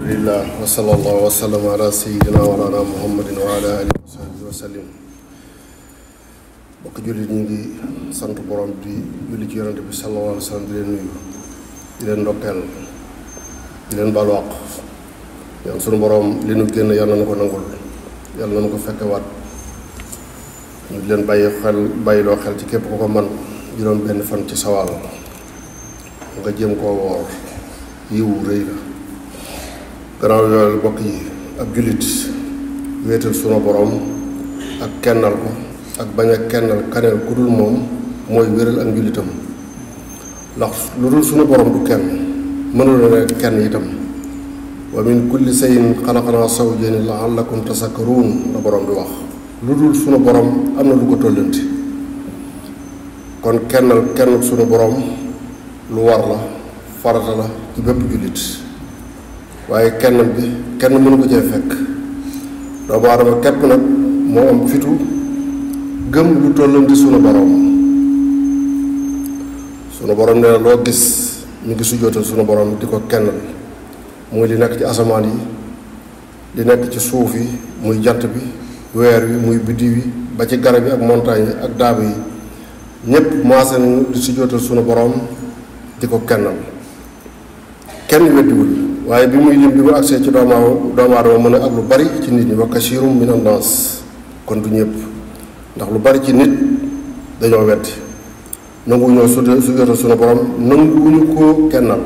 alhamdulillah wa sallallahu wa sallam ala sayidina jullit ñu ngi sant borom di julli ci yonante bi sallallahu alayhi wa sallam di leen nuyu di leen ndokkeel di leen baal sunu borom li nu génn yàlla na ko nangul yàlla na ko fekke waat ñu di bàyyi xel bàyyiloo xel ci képp ku ko man juróom benn fan ci sawaal nga jéem koo woor yiwu rëy la gannaaw yooyu bokk yi ak jullit wéetal suma borom ak kennal ko ak bañ a kennal kaneel ku dul moom mooy wéral ak njullitam ndax lu dul sunu borom du kenn mënula ne kenn itam wa min kulli sayin xalaqnaa zawjayni la'allakum tasakkaruun la borom di wax lu dul sunu boroom am na lu ko tollanti kon kennal kenn sunu boroom lu war la farata la ci bépp jullit waaye kenn bi kenn mënu ko cee fekk doomu aadama képp nag moo am fitu gëm bu tollam di sunu borom sunu borom nee na loo gis mu ngi sujjootal sunu borom di ko kennal muy li nekk ci asamaan yi di nekk ci suuf yi muy jant bi weer wi muy biddiw ba ci garab yi montagne yi ak daaba yi ñépp maase nañu sunu borom di ko kennal kenn weddiwul waaye bi muy lim bi mu agsee ci doomu doomu aadama mën a ak lu bari ci nit ñi wa kasirum mina naas kon du ñëpp ndax lu bari ci nit dañoo wetti nanguwuñoo su suweetal sunu borom nanguwuñu ko kennal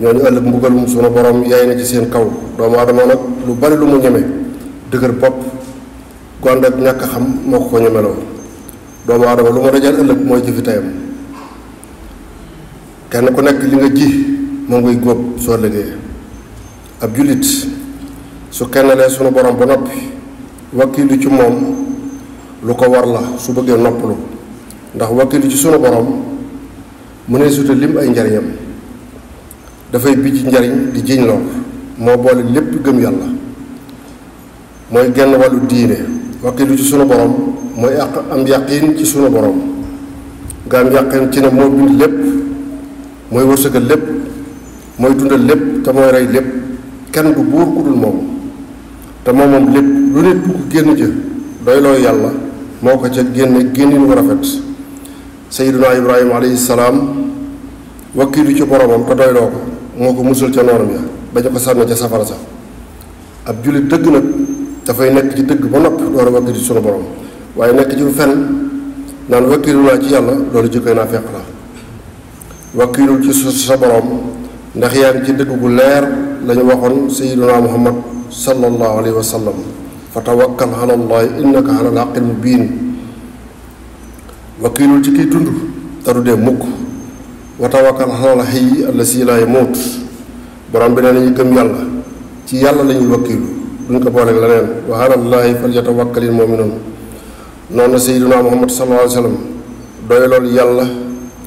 ñooñu ëllëg mbugalum sunu borom yaay na ci seen kaw doomu aadama nag lu bari lu mu ñeme dëgër bopp gond ak ñàkk xam moo ko ko ñemeloo doomu aadama lu ma dajal ëllëg mooy jëfi tayam kenn ku nekk li nga ji moo ngay góob soo lëgee ab jullit su kennalee sunu borom ba noppi wakkiilu ci moom lu ko war la su bëggee noppalu ndax wakkiilu ci sunu borom mu ne suta lim ay njariñam dafay bijj njariñ di jiñ loo moo boole lépp gëm yàlla mooy genn wàllu diine wakkiilu ci sunu borom mooy àq am yàqiin ci sunu borom nga am yàqiin ci ne moo bind lépp mooy wërsëgal lépp mooy dundal lépp te mooy rey lépp kenn du buur ku dul moom te moom moom lépp lu nit ku génn jë doyloo yàlla moo ko ca génne génnin wu rafet sayyiduna ibrahima alayhi salaam wakkiilu ci boromam te doyloo ko moo ko musul ca noonam ya ba ñu ko sànni ca safara sax ab jullit dëgg nag dafay nekk ci dëgg ba nopp door a ci sunu borom waaye nekk ci fen naan wakkiilu naa ci yàlla loolu jikkoy naa fekk la wakkiilu ci sa borom ndax yaa ngi ci dëgg gu leer lañu waxoon sayyiduna muhammad sallallahu alayhi wa sallam fa tawakkal ala allahi innaka ala alhaqqil mubin wakiilul ci kiy dund te du dee mukk borom bi nee nañu gëm yàlla ci yàlla la wakiilu duñ ko booleeg leneen wa ala allahi falyatawakkalil mu'minuun noonu la sayyiduna muhammad sallallahu alayhi wa sallam doy lool yàlla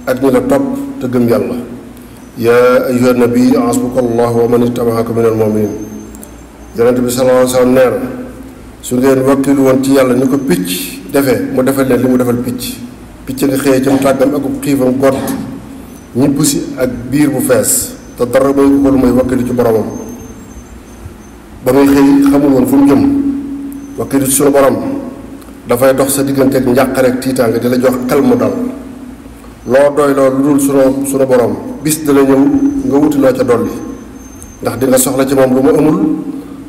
ak ñi la topp te gëm yàlla yaa ayyuha nabi asbuka allah wa man ittabaaka min almuminin yonent bi sallallahu alayhi wa sallam nee su ngeen wakkilu woon ci yàlla ni ko picc defe mu defal leen li mu defal picc picc nga xëyee ca mu tàggam ak xiifam gott ñibbusi ak biir bu fees te dara mooy ko lu mooy ci boromam ba muy xëy xamul woon fu mu jëm wakkilu ci suñu borom dafay dox sa diggante ak njàqare ak tiitaanga di la jox xel mu dal loo doy loo lu dul sunu sunu borom bis la ñëw nga wuti loo ca dolli ndax di soxla ci moom lu ma amul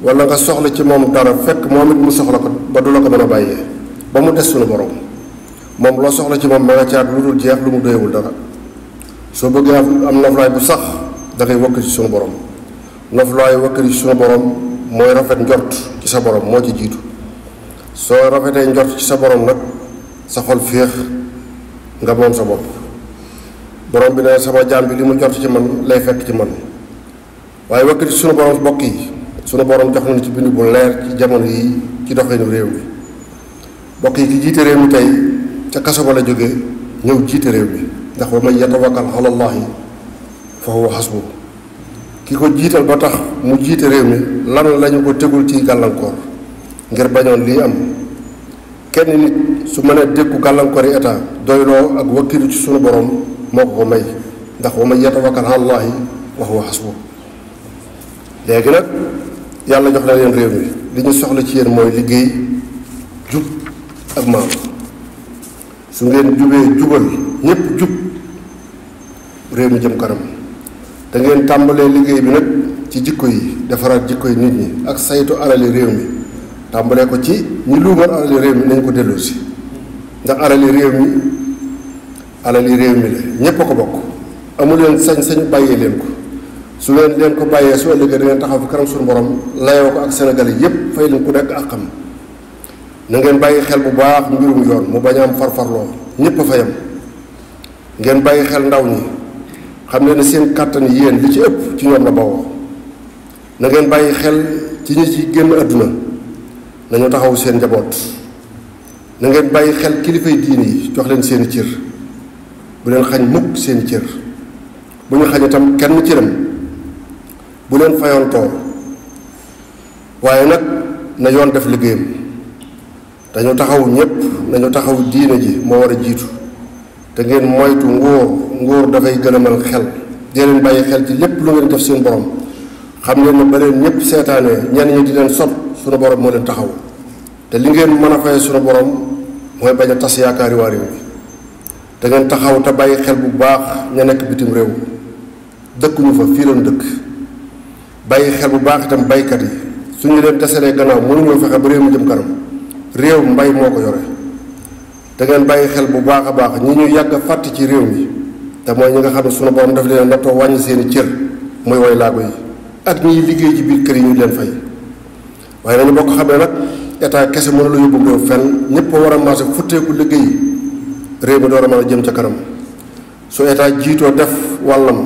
wala nga soxla ci moom dara fekk moom it mu soxla ko ba du la ko ba mu des sunu borom moom loo soxla ci moom ma nga caat lu dul jeex lu mu doyewul dara soo bëggee am noflaay bu sax dafay ngay ci sunu borom noflaay wëkk ci sunu borom mooy rafet njort ci sa borom moo ci jiitu soo rafetee njort ci sa borom nag sa xol féex nga moom sa bopp borom bi ne sama jaam bi li mu jot ci man lay fekk ci man waaye wëkkati sunu borom bokk yi sunu borom jox nañu ci bind bu leer ci jamono yi ci doxinu réew mi bokk yi ki jiite réew mi tey ca kaso ba la jóge ñëw jiite réew mi ndax wa man yatawakkal ala allahi fa xasbu ki ko jiital ba tax mu jiite réew mi lan lañu ko tegul ci gàllankoor ngir bañoon lii am kenn nit su mënee dékku gàllankoori état doyloo ak wakkilu ci sunu borom moo ko ko may ndax wa man yatawakkal ala llaahi wa huwa xasbu léegi nag yàlla jox na leen réew mi li ñu soxla ci yéen mooy liggéey jub ak maam su ngeen jubee jubal ñépp jub réew mi jëm kanam da ngeen tàmbalee liggéey bi nag ci jikko yi defaraat jikko yi nit ñi ak saytu alali réew mi tàmbalee ko ci ñu luumal alali réew mi nañ ko dellusi ndax alali réew mi alal yi réew mi la ñépp a ko bokk amu leen sañ-sañ bàyyee leen ko su leen leen ko bàyyee su ëllëgee da ngeen taxaw fi kanam suñu borom layoo ko ak sénégalais yépp fay leen ku nekk ak xam na ngeen bàyyi xel bu baax mbirum yoon mu bañ a am farfarloo ñépp a fa yem ngeen bàyyi xel ndaw ñi xam ne ne seen kàttan yéen li ci ëpp ci ñoom la bawoo na ngeen bàyyi xel ci ñi ci génn àdduna nañu taxaw seen njaboot na ngeen bàyyi xel kilifay diin yi jox leen seeni cir bu leen xañ mukk seen cër bu ñu xañ itam kenn cëram bu leen tool waaye nag na yoon def liggéeyam dañu taxaw ñépp nañu taxaw diine ji moo war a jiitu te ngeen moytu nguur nguur dafay gëlëmal xel dee leen bàyyi xel ci lépp lu ngeen def seen borom xam ngeen ne ba leen ñépp seetaanee ñenn ñi di leen sot sunu borom moo leen taxaw te li ngeen mën a fay sunu borom mooy bañ a tas yaakaari waa réew da ngeen taxaw te bàyyi xel bu baax ña nekk bitim réew dëkkuñu fa fii lañ dëkk bàyyi xel bu baax itam baykat yi suñu leen desalee gannaaw mënuñoo fexe ba réew mi jëm kanam réew mbay moo ko yore te ngeen bàyyi xel bu baax a baax ñi ñu yàgg a fàtt ci réew mi te mooy ñi nga xam ne suñu borom daf leen nattoo wàññi seeni cër muy way laago yi ak ñiy liggéey ci biir kër yi ñu leen fay waaye nañu bokk xam ne nag état kese mënu la yóbbu réew fen ñëpp war a marché futteeku liggéey réew mi door a mën a jëm ca kanam su état jiitoo def wàllam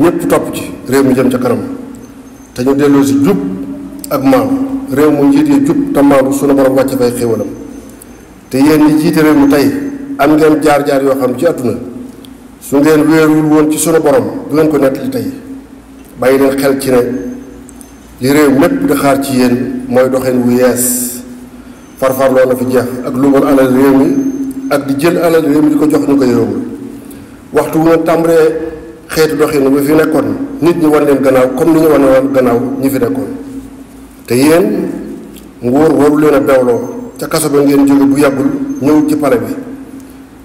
ñëpp topp ci réew mi jëm ca kanam te ñu delloo si jub ak maam réew mu njiit yi jub te maam sunu borom wàcc ñi jiite réew am ngeen jaar-jaar yoo xam ci àdduna su ngeen wéerul woon ci sunu borom du ngeen ko nettali tey bàyyi leen xel ci ne li réew mépp di xaar ci yéen mooy doxeen wu yees farfarloo na fi jeex ak lu mën alal réew mi ak di jël alal réew mi di ko jox ñu ko yowul waxtu bu ma tàmbalee xeetu doxin bi fi nekkoon nit ñi war leen gannaaw comme ni ñu wan leen gannaaw ñi fi nekkoon te yéen nguur waru leen a bewloo ca kaso ba ngeen jóge bu yàggul ñëw ci pale bi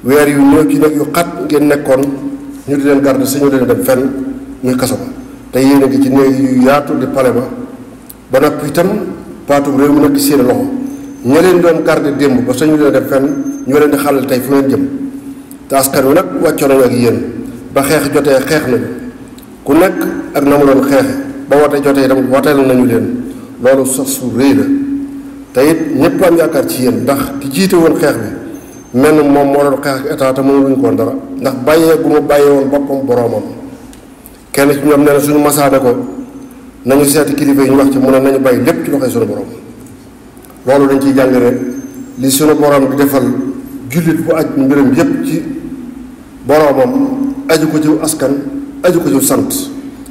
weer yu néew ci nekk yu xat ngeen nekkoon ñu di leen garde si ñu leen dem fenn muy kaso ba te yéen gi ci néeg yu yaatu di pale ba ba noppi itam paatu réew mi nag di seen loxo ña leen doon garde démb ba sañu leen def fenn ñoo leen di xàllal tey fu ngeen jëm te askan wi nag wàccoo nañu ak yéen ba xeex jotee xeex nañu ku nekk ak na mu doon xeex ba wote jotee itam woteel nañu leen loolu sax su rëy la te it ñëpp am yaakaar ci yéen ndax ki jiite woon xeex bi mel moom moo doon xeex ak état te mënuñu ko woon dara ndax bàyyee bu mu bàyyee woon boppam boroomam kenn ci ñoom na suñu masaane ko nañu seeti kilifa yi ñu wax ci mu ne nañu bàyyi lépp ci borom. loolu dañ ci jàng ne li sunu borom bi defal jullit bu aj mbiram yépp ci boromam aju ko jiw askan aju ko jiw sant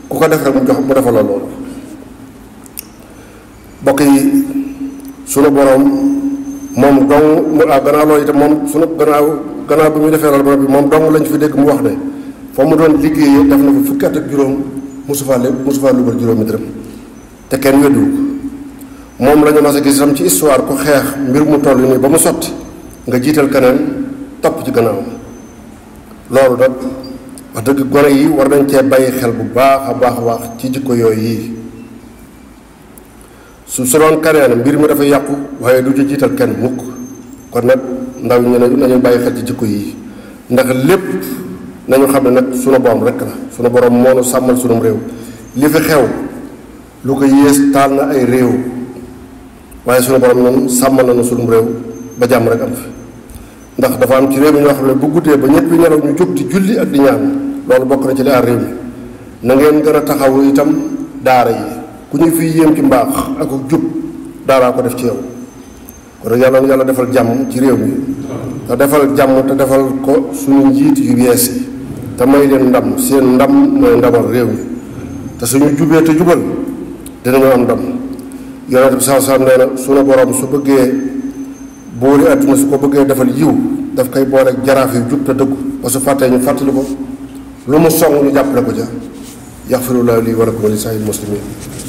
ku ko def rek mu jox mu defal la loolu bokk yi sunu borom moom dong mu ah gannaaw loolu itam moom sunu gannaaw gannaaw bu muy defee loolu borom bi moom dong lañ fi dégg mu wax ne fa mu doon liggéeyee def na fa fukki juróom musu faa lépp musu juróomi dërëm te kenn weddiwu ko moom la ñu mas a gis itam ci histoire ku xeex mbir mu toll nii ba mu sotti nga jiital keneen topp ci gannaawam loolu nag wax dëgg gone yi war nañ cee bàyyi xel bu baax a baax baax ci jikko yooyu yi su soloon keneen mbir mi dafa yàqu waaye du ci jiital kenn mukk kon nag ndaw ñi ne nañu bàyyi xel ci jikko yi ndax lépp nañu xam ne nag sunu borom rek la sunu borom moo sàmmal sunum réew li fi xew lu ko yées taal na ay réew waaye suñu borom noonu sàmmal nañu suñu réew ba jàmm rek am fi ndax dafa am ci réew mi ñoo xam ne bu guddee ba ñëpp nelaw ñu jóg di julli ak di ñaan loolu bokk na ci li aar réew mi nangeen ngeen gën a taxaw itam daara yi ku ñu fi yéem ci mbaax ak jub daaraa ko def ci yow kon yàlla yàlla defal jàmm ci réew mi te defal jàmm te defal ko suñu njiit yu yees yi te may leen ndam seen ndam mooy ndamal réew mi te suñu jubee te jubal dinañu am ndam yonent bi sallallahu alayhi wa sallam nee na sunu borom su bëggee booli àdduna su ko bëggee defal yiw daf koy booleeg jaraaf yu jub te dëggu ba su fàttee ñu fàttali ko lu mu song ñu jàppale ko ja yaxfirullaahu lii wa lakum wa li saa'iril muslimiin